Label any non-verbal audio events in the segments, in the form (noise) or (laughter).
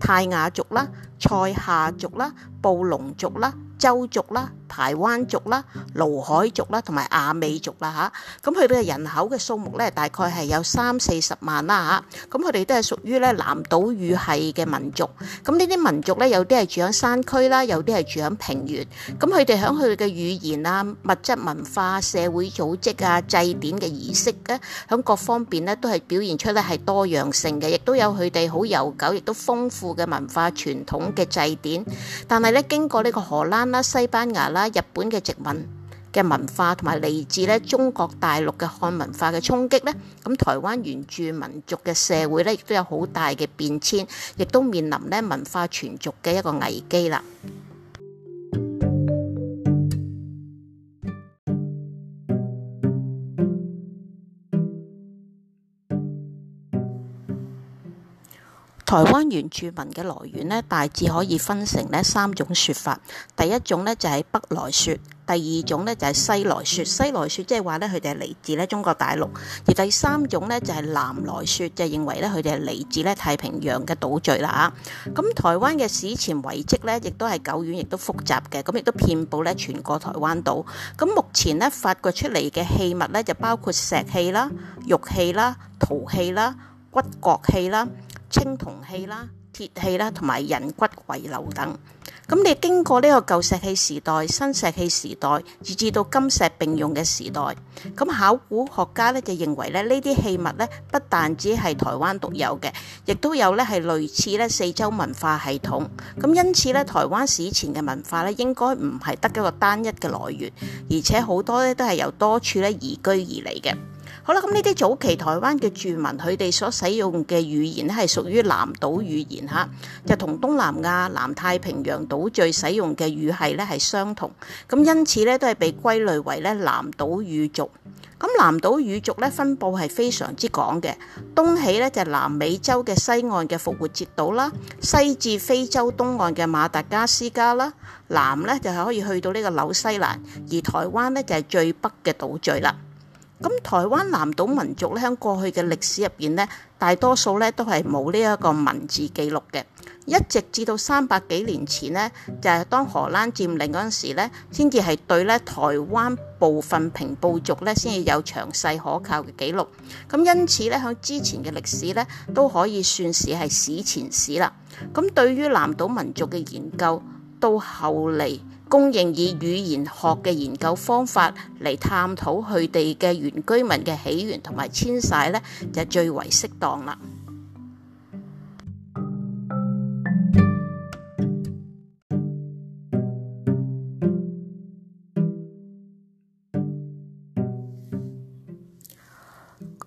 泰雅族啦、賽夏族啦、布農族啦、鄒族啦、排灣族啦、魯凱族啦，同埋阿美族啦吓，咁佢哋嘅人口嘅數目咧，大概係有三四十萬啦吓，咁佢哋都係屬於咧南島語系嘅民族，咁呢啲民族咧，有啲係住喺山區啦，有啲係住喺平原，咁佢哋喺佢哋嘅語言啊、物質文化、社會組織啊、祭典嘅儀式啊，喺各方面咧都係表現出咧係多樣性嘅，亦都有佢哋好悠久，亦都豐富嘅文化傳統嘅祭典，但係咧經過呢個荷蘭啦、西班牙啦、日本嘅殖民嘅文化，同埋嚟自咧中國大陸嘅漢文化嘅衝擊咧，咁台灣原住民族嘅社會咧亦都有好大嘅變遷，亦都面臨咧文化存續嘅一個危機啦。台灣原住民嘅來源咧，大致可以分成咧三種說法。第一種咧就係北來説，第二種咧就係西來説，西來説即係話咧佢哋係嚟自咧中國大陸，而第三種咧就係南來説，就是、認為咧佢哋係嚟自咧太平洋嘅島嶼啦。啊，咁台灣嘅史前遺跡咧，亦都係久遠，亦都複雜嘅，咁亦都遍布咧全個台灣島。咁目前咧發掘出嚟嘅器物咧，就包括石器啦、玉器啦、陶器啦、骨角器啦。青銅器啦、鐵器啦，同埋人骨遺留等，咁你經過呢個舊石器時代、新石器時代，直至到金石並用嘅時代，咁考古學家咧就認為咧，呢啲器物咧不但只係台灣獨有嘅，亦都有咧係類似咧四周文化系統，咁因此咧，台灣史前嘅文化咧應該唔係得一個單一嘅來源，而且好多咧都係由多處咧移居而嚟嘅。好啦，咁呢啲早期台灣嘅住民，佢哋所使用嘅語言咧，係屬於南島語言嚇，就同東南亞、南太平洋島嶼使用嘅語系咧係相同。咁因此咧，都係被歸類為咧南島語族。咁南島語族咧分佈係非常之廣嘅，東起咧就係南美洲嘅西岸嘅復活節島啦，西至非洲東岸嘅馬達加斯加啦，南咧就係可以去到呢個紐西蘭，而台灣咧就係最北嘅島嶼啦。咁台灣南島民族咧喺過去嘅歷史入邊咧，大多數咧都係冇呢一個文字記錄嘅，一直至到三百幾年前呢，就係當荷蘭佔領嗰陣時咧，先至係對咧台灣部分平埔族咧先至有詳細可靠嘅記錄。咁因此咧，喺之前嘅歷史咧都可以算是係史前史啦。咁對於南島民族嘅研究，到後嚟。公認以語言學嘅研究方法嚟探討佢哋嘅原居民嘅起源同埋遷徙呢就最為適當啦。 (music)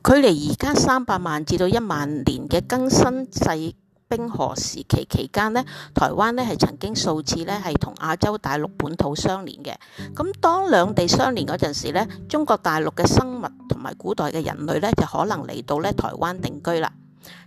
距離而家三百萬至到一萬年嘅更新世。冰河時期期間呢台灣呢係曾經數次呢係同亞洲大陸本土相連嘅。咁當兩地相連嗰陣時呢，中國大陸嘅生物同埋古代嘅人類呢，就可能嚟到呢台灣定居啦。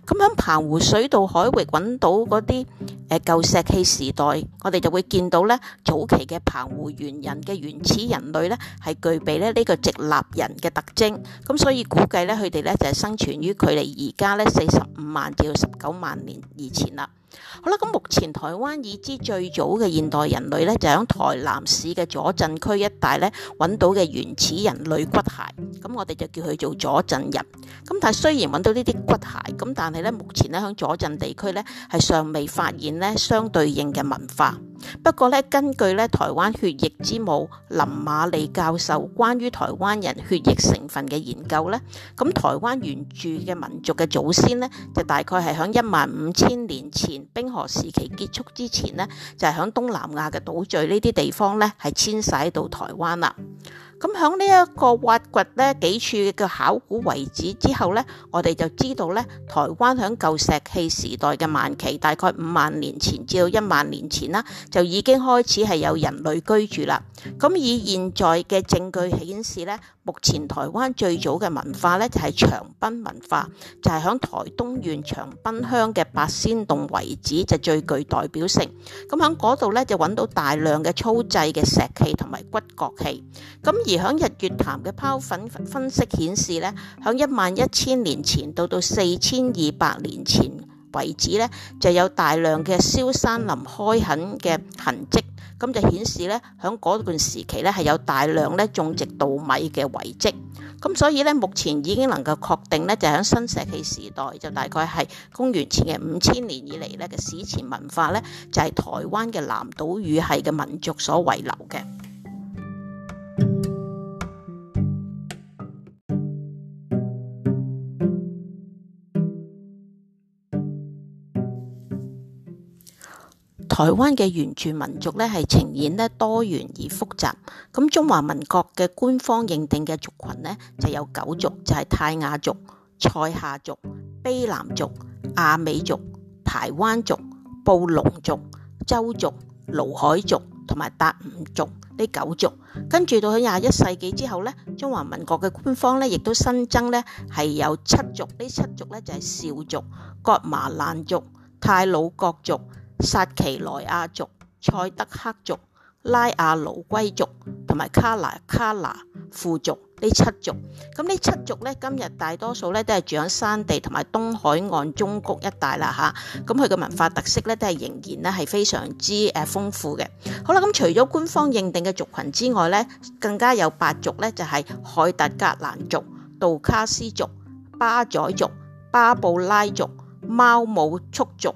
咁喺、嗯、澎湖水道海域揾到嗰啲誒舊石器時代，我哋就會見到咧早期嘅澎湖猿人嘅原始人類咧係具備咧呢個直立人嘅特徵，咁、嗯、所以估計咧佢哋咧就係、是、生存於距離而家咧四十五萬至到十九萬年以前啦。好啦，咁目前台灣已知最早嘅現代人類咧，就喺台南市嘅左鎮區一帶咧揾到嘅原始人類骨骸，咁我哋就叫佢做左鎮人。咁但係雖然揾到呢啲骨骸，咁但係咧目前咧喺左鎮地區咧係尚未發現咧相對應嘅文化。不過咧，根據咧台灣血液之母林瑪利教授關於台灣人血液成分嘅研究咧，咁台灣原住嘅民族嘅祖先咧就大概係喺一萬五千年前，冰河時期結束之前呢，就係喺東南亞嘅島嶼呢啲地方呢，係遷徙到台灣啦。咁喺呢一個挖掘呢幾處嘅考古遺址之後呢，我哋就知道呢，台灣喺舊石器時代嘅晚期，大概五萬年前至到一萬年前啦，就已經開始係有人類居住啦。咁以現在嘅證據顯示呢。目前台灣最早嘅文化呢，就係、是、長濱文化，就係、是、響台東縣長濱鄉嘅八仙洞遺址就是、最具代表性。咁響嗰度呢，就揾到大量嘅粗製嘅石器同埋骨角器。咁而響日月潭嘅孢粉分析顯示呢，響一萬一千年前到到四千二百年前為止呢，就有大量嘅燒山林開墾嘅痕跡。咁就顯示咧，喺嗰段時期咧係有大量咧種植稻米嘅遺跡，咁所以咧目前已經能夠確定咧，就係喺新石器時代，就大概係公元前嘅五千年以嚟咧嘅史前文化咧，就係、是、台灣嘅南島語系嘅民族所遺留嘅。台灣嘅原住民族咧係呈現咧多元而複雜。咁中華民國嘅官方認定嘅族群咧就有九族，就係、是、泰雅族、賽夏族、卑南族、阿美族、排灣族、布農族、鄒族、魯凱族同埋達悟族呢九族。跟住到喺廿一世紀之後咧，中華民國嘅官方咧亦都新增咧係有七族，呢七族咧就係邵族、噶瑪蘭族、太魯閣族、薩奇萊亞族、塞德克族、拉阿魯龜族同埋卡那卡那富族呢七族，咁呢七族咧，今日大多數咧都係住喺山地同埋東海岸中谷一帶啦吓。咁佢嘅文化特色咧，都係仍然咧係非常之誒豐富嘅。好啦，咁除咗官方認定嘅族群之外咧，更加有八族咧，就係海達格蘭族、杜卡斯族、巴宰族、巴布拉族、貓母促族。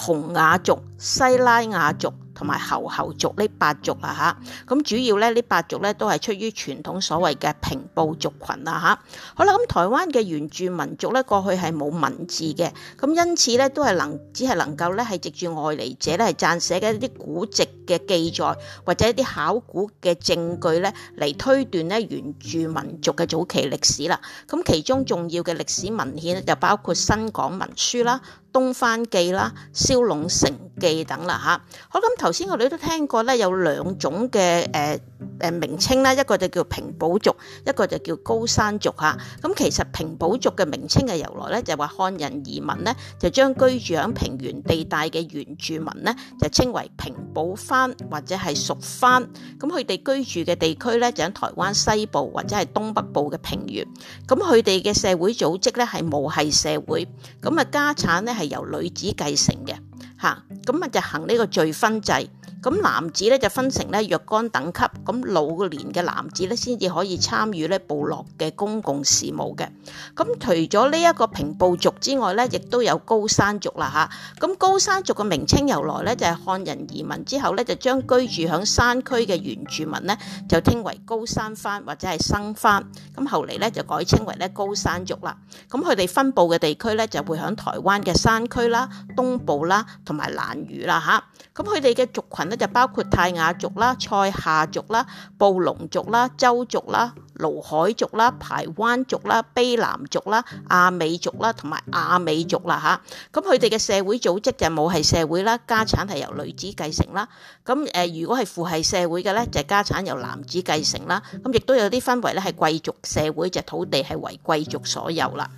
洪雅族、西拉雅族同埋猴猴族呢八族啊吓，咁主要咧呢八族咧都係出於傳統所謂嘅平埔族群啊吓，好啦，咁台灣嘅原住民族咧過去係冇文字嘅，咁因此咧都係能只係能夠咧係藉住外嚟者咧係撰寫嘅一啲古籍嘅記載或者一啲考古嘅證據咧嚟推斷咧原住民族嘅早期歷史啦。咁其中重要嘅歷史文獻就包括新港文書啦。東番記啦、燒龍城記等啦吓，好，咁頭先我哋都聽過咧，有兩種嘅誒。呃誒，名稱咧一個就叫平埔族，一個就叫高山族嚇。咁其實平埔族嘅名稱嘅由來咧，就係話漢人移民咧就將居住響平原地帶嘅原住民咧就稱為平埔番或者係熟番。咁佢哋居住嘅地區咧就喺台灣西部或者係東北部嘅平原。咁佢哋嘅社會組織咧係母系社會。咁啊家產咧係由女子繼承嘅吓，咁啊就行呢個聚分制。咁男子咧就分成咧若干等級，咁老年嘅男子咧先至可以參與咧部落嘅公共事務嘅。咁除咗呢一個平埔族之外咧，亦都有高山族啦吓，咁高山族嘅名稱由來咧，就係漢人移民之後咧，就將居住響山區嘅原住民咧，就稱為高山番或者係生番，咁後嚟咧就改稱為咧高山族啦。咁佢哋分布嘅地區咧，就會響台灣嘅山區啦、東部啦同埋蘭嶼啦吓，咁佢哋嘅族群。咧就包括泰雅族啦、賽夏族啦、布隆族啦、周族啦、盧海族啦、排灣族啦、卑南族啦、阿美族啦，同埋亞美族啦吓。咁佢哋嘅社會組織就母系社會啦，家產係由女子繼承啦。咁誒，如果係父系社會嘅咧，就係家產由男子繼承啦。咁亦都有啲分為咧係貴族社會，就係土地係為貴族所有啦。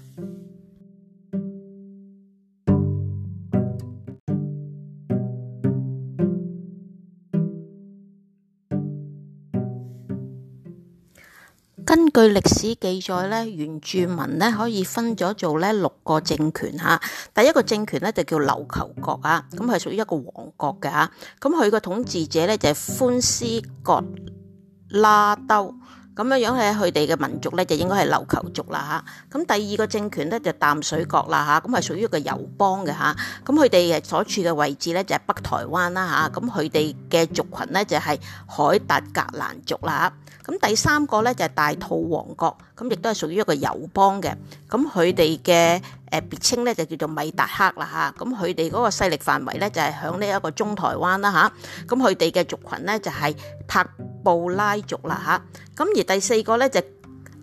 根據歷史記載咧，原住民咧可以分咗做咧六個政權嚇。第一個政權咧就叫琉球國啊，咁係屬於一個王國嘅嚇。咁佢個統治者咧就係寬斯國拉兜。咁樣樣咧，佢哋嘅民族咧就應該係琉球族啦嚇。咁第二個政權咧就淡水國啦嚇，咁係屬於一個遊邦嘅嚇。咁佢哋誒所處嘅位置咧就係、是、北台灣啦嚇。咁佢哋嘅族群咧就係、是、凱達格蘭族啦嚇。咁第三個咧就是、大肚王國，咁亦都係屬於一個遊邦嘅。咁佢哋嘅誒別稱咧就叫做米達克啦嚇，咁佢哋嗰個勢力範圍咧就係喺呢一個中台灣啦嚇，咁佢哋嘅族群咧就係帕布拉族啦嚇，咁而第四個咧就是。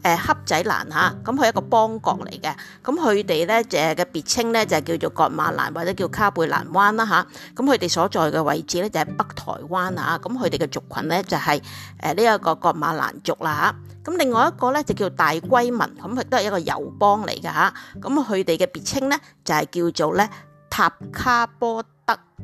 誒黑仔蘭嚇，咁佢係一個邦國嚟嘅，咁佢哋咧誒嘅別稱咧就係叫做葛瑪蘭或者叫卡貝蘭灣啦嚇，咁佢哋所在嘅位置咧就喺北台灣啊，咁佢哋嘅族群咧就係誒呢一個葛瑪蘭族啦嚇，咁另外一個咧就叫大龜文，咁亦都係一個友邦嚟嘅嚇，咁佢哋嘅別稱咧就係叫做咧塔卡波。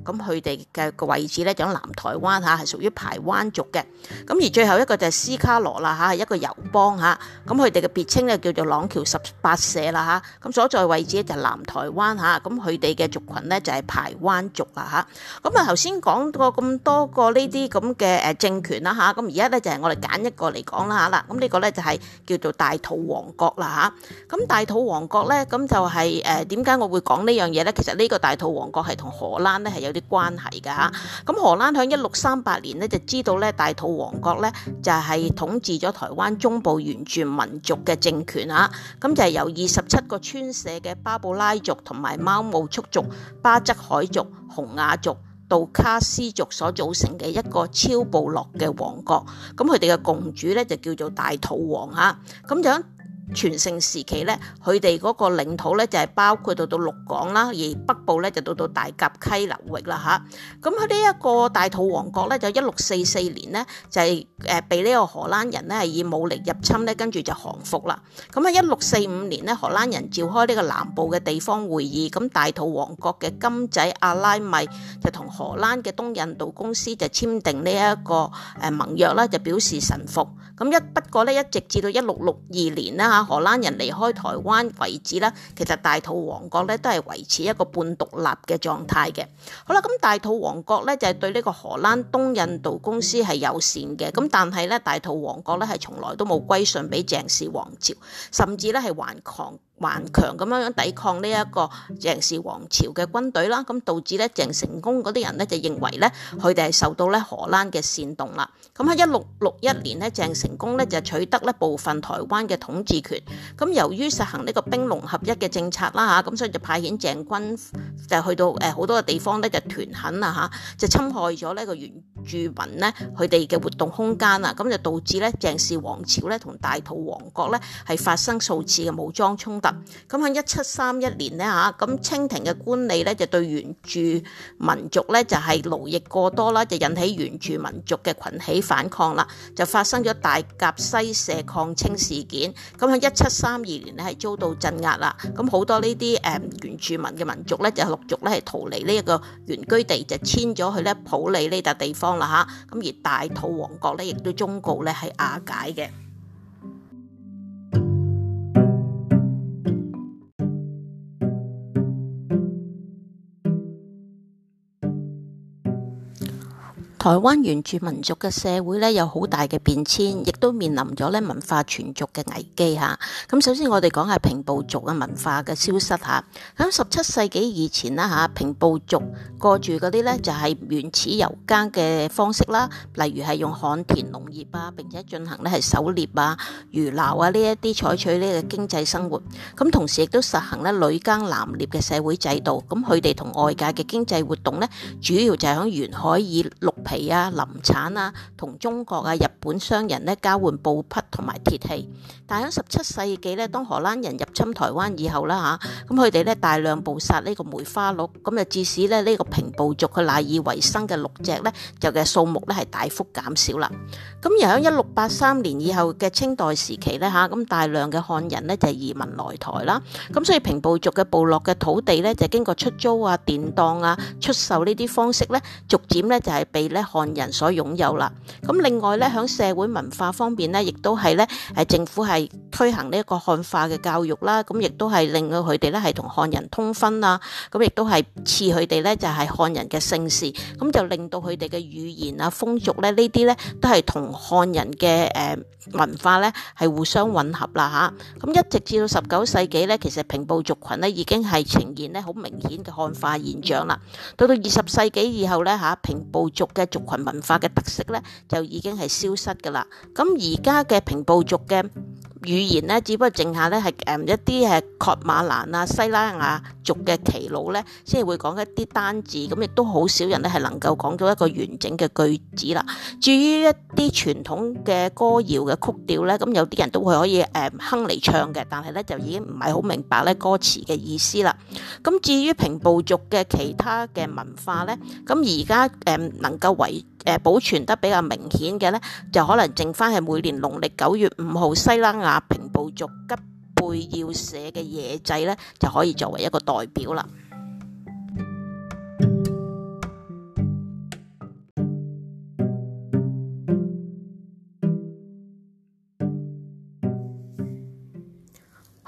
咁佢哋嘅個位置咧，就南台灣吓，係屬於排灣族嘅。咁而最後一個就係斯卡羅啦吓，係一個友邦，吓，咁佢哋嘅別稱咧叫做瑯嶠十八社啦吓。咁所在位置就南台灣吓，咁佢哋嘅族群咧就係排灣族啦吓。咁啊頭先講過咁多個呢啲咁嘅誒政權啦吓。咁而家咧就係我哋揀一個嚟講啦吓。啦。咁呢個咧就係叫做大肚王國啦吓。咁大肚王國咧、就是，咁就係誒點解我會講呢樣嘢咧？其實呢個大肚王國係同荷蘭咧係。有啲關係㗎嚇，咁荷蘭喺一六三八年呢就知道咧大肚王國咧就係統治咗台灣中部原住民族嘅政權啊，咁就係、是、由二十七個村社嘅巴布拉族同埋貓霧捒族、巴則海族、洪雅族、道卡斯族所組成嘅一個超部落嘅王國，咁佢哋嘅共主咧就叫做大肚王嚇，咁就。全盛時期咧，佢哋嗰個領土咧就係包括到到鹿港啦，而北部咧就到到大甲溪流域啦吓，咁喺呢一個大肚王國咧，就一六四四年呢，就係誒被呢個荷蘭人呢，係以武力入侵呢，跟住就降服啦。咁喺一六四五年呢，荷蘭人召開呢個南部嘅地方會議，咁大肚王國嘅金仔阿拉米就同荷蘭嘅東印度公司就簽訂呢一個誒盟約啦，就表示臣服。咁一不過呢，一直至到一六六二年啦，荷蘭人離開台灣為止啦，其實大肚王國咧都係維持一個半獨立嘅狀態嘅。好啦，咁大肚王國咧就係、是、對呢個荷蘭東印度公司係友善嘅，咁但係咧大肚王國咧係從來都冇歸順俾鄭氏王朝，甚至咧係頑抗。頑強咁樣樣抵抗呢一個鄭氏王朝嘅軍隊啦，咁導致咧鄭成功嗰啲人咧就認為咧佢哋係受到咧荷蘭嘅煽動啦。咁喺一六六一年咧，鄭成功咧就取得咧部分台灣嘅統治權。咁由於實行呢個兵農合一嘅政策啦吓，咁所以就派遣鄭軍就去到誒好多嘅地方咧就屯墾啊吓，就侵害咗呢個原住民呢，佢哋嘅活動空間啊，咁就導致咧鄭氏王朝咧同大肚王國咧係發生數次嘅武裝衝突。咁喺一七三一年咧吓，咁清廷嘅官吏咧就對原住民族咧就係勞役過多啦，就引起原住民族嘅群起反抗啦，就發生咗大甲西社抗清事件。咁喺一七三二年咧係遭到鎮壓啦。咁好多呢啲誒原住民嘅民族咧就陸續咧係逃離呢一個原居地，就遷咗去咧普利呢笪地方。啦嚇，咁而大肚王國咧，亦都終告咧，係瓦解嘅。台灣原住民族嘅社會咧有好大嘅變遷，亦都面臨咗咧文化存續嘅危機嚇。咁首先我哋講下平埔族嘅文化嘅消失嚇。咁十七世紀以前啦嚇，平埔族過住嗰啲咧就係原始遊耕嘅方式啦，例如係用旱田農業啊，並且進行咧係狩獵啊、漁撈啊呢一啲採取呢個經濟生活。咁同時亦都實行咧女耕男獵嘅社會制度。咁佢哋同外界嘅經濟活動咧，主要就係喺沿海以陸係啊，林產啊，同中國啊、日本商人呢，交換布匹同埋鐵器。但喺十七世紀呢，當荷蘭人入侵台灣以後啦嚇，咁佢哋呢大量捕殺呢個梅花鹿，咁就致使咧呢、這個平埔族嘅賴以為生嘅鹿隻呢，就嘅數目呢係大幅減少啦。咁又喺一六八三年以後嘅清代時期呢，嚇、啊，咁、嗯、大量嘅漢人呢就是、移民來台啦，咁、啊、所以平埔族嘅部落嘅土地呢，就經過出租啊、典當啊、出售呢啲方式呢，逐漸就呢就係被咧。漢人所擁有啦。咁另外咧，喺社會文化方面咧，亦都係咧，誒政府係推行呢一個漢化嘅教育啦。咁亦都係令到佢哋咧係同漢人通婚啊。咁亦都係賜佢哋咧就係漢人嘅姓氏。咁就令到佢哋嘅語言啊、風俗咧呢啲咧都係同漢人嘅誒文化咧係互相混合啦吓，咁一直至到十九世紀咧，其實平埔族群咧已經係呈現咧好明顯嘅漢化現象啦。到到二十世紀以後咧，吓平埔族嘅族群文化嘅特色咧，就已經係消失噶啦。咁而家嘅平埔族嘅語言咧，只不過剩下咧係誒一啲係噶瑪蘭啊、西拉雅族嘅耆老咧，先會講一啲單字，咁亦都好少人咧係能夠講到一個完整嘅句子啦。至於一啲傳統嘅歌謠嘅曲調咧，咁有啲人都會可以誒哼嚟唱嘅，但係咧就已經唔係好明白咧歌詞嘅意思啦。咁至於平埔族嘅其他嘅文化咧，咁而家誒能夠誒，保存得比較明顯嘅呢，就可能剩返係每年農曆九月五號西拉雅平埔族吉貝要社嘅夜祭呢，就可以作為一個代表啦。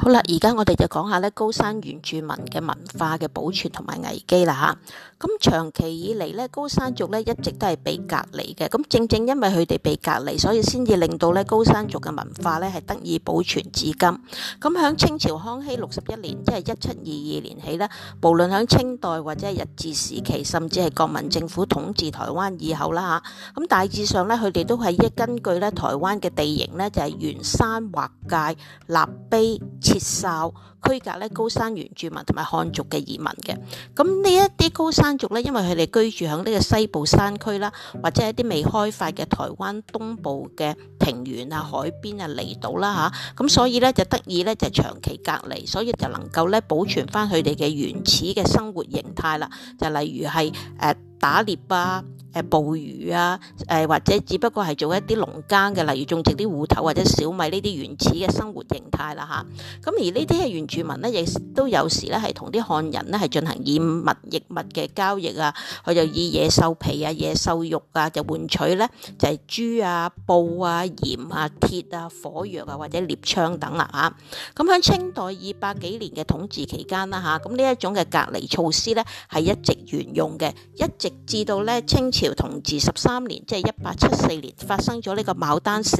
好啦，而家我哋就講下咧高山原住民嘅文化嘅保存同埋危機啦吓。咁、啊、長期以嚟咧，高山族咧一直都係被隔離嘅。咁正正因為佢哋被隔離，所以先至令到咧高山族嘅文化咧係得以保存至今。咁響清朝康熙六十一年，即係一七二二年起呢，無論響清代或者係日治時期，甚至係國民政府統治台灣以後啦吓，咁、啊、大致上咧佢哋都係依根據咧台灣嘅地形咧就係、是、原山劃界立碑接受區隔咧高山原住民同埋漢族嘅移民嘅，咁呢一啲高山族咧，因為佢哋居住喺呢個西部山區啦，或者係一啲未開發嘅台灣東部嘅平原啊、海邊啊、離島啦嚇，咁、啊、所以咧就得以咧就長期隔離，所以就能夠咧保存翻佢哋嘅原始嘅生活形態啦，就例如係誒、呃、打獵啊。誒捕魚啊，誒或者只不過係做一啲農耕嘅，例如種植啲芋頭或者小米呢啲原始嘅生活形態啦嚇。咁、啊、而呢啲嘅原住民呢，亦都有時咧係同啲漢人呢係進行以物易物嘅交易啊，佢就以野獸皮啊、野獸肉啊，就換取咧就係、是、豬啊、布啊、鹽啊、鐵啊、火藥啊或者獵槍等啦嚇。咁、啊、喺、啊、清代二百幾年嘅統治期間啦嚇，咁、啊、呢一種嘅隔離措施咧係一直沿用嘅，一直至到咧清，清。朝同治十三年，即係一八七四年，發生咗呢個牡丹社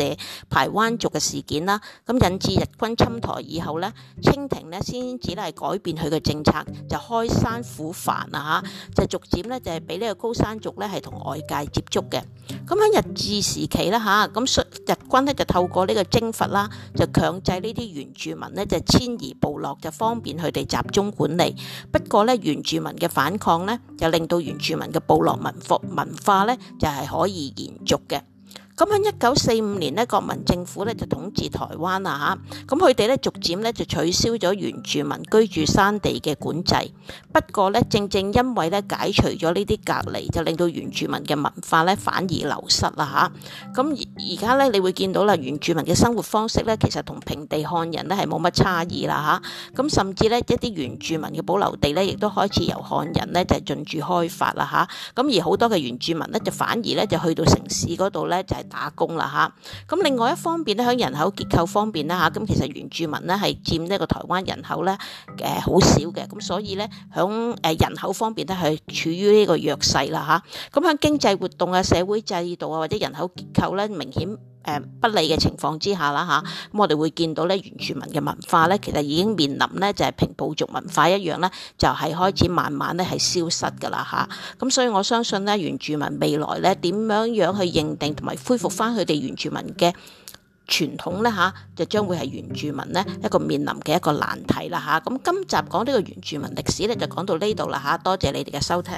排灣族嘅事件啦，咁引致日軍侵台以後咧，清廷咧先至係改變佢嘅政策，就開山撫番啊吓，就逐漸咧就係俾呢個高山族咧係同外界接觸嘅。咁喺日治時期啦吓，咁日軍咧就透過呢個征伐啦，就強制呢啲原住民咧就遷移部落，就方便佢哋集中管理。不過咧，原住民嘅反抗咧，又令到原住民嘅部落民服民。文化咧就係可以延續嘅。咁喺一九四五年呢，國民政府呢就統治台灣啦吓，咁佢哋呢逐漸呢就取消咗原住民居住山地嘅管制。不過呢，正正因為呢解除咗呢啲隔離，就令到原住民嘅文化呢反而流失啦吓，咁而家呢，你會見到啦，原住民嘅生活方式呢，其實同平地漢人呢係冇乜差異啦吓，咁、啊啊、甚至呢，一啲原住民嘅保留地呢，亦都開始由漢人呢就進駐開發啦吓，咁、啊啊、而好多嘅原住民呢，就反而呢就去到城市嗰度呢。就。打工啦吓，咁另外一方面咧，喺人口結構方面咧吓，咁其實原住民咧係佔呢個台灣人口咧誒好少嘅，咁所以咧喺誒人口方面咧係處於呢個弱勢啦吓。咁喺經濟活動啊、社會制度啊或者人口結構咧明顯，呃、不利嘅情況之下啦吓，咁、啊、我哋會見到咧原住民嘅文化咧，其實已經面臨咧就係平埔族文化一樣咧，就係、是、開始慢慢咧係消失噶啦吓，咁、啊、所以我相信咧，原住民未來咧點樣樣去認定同埋恢復翻佢哋原住民嘅傳統咧吓、啊，就將會係原住民咧一個面臨嘅一個難題啦吓，咁、啊、今集講呢個原住民歷史咧，就講到呢度啦吓，多謝你哋嘅收聽。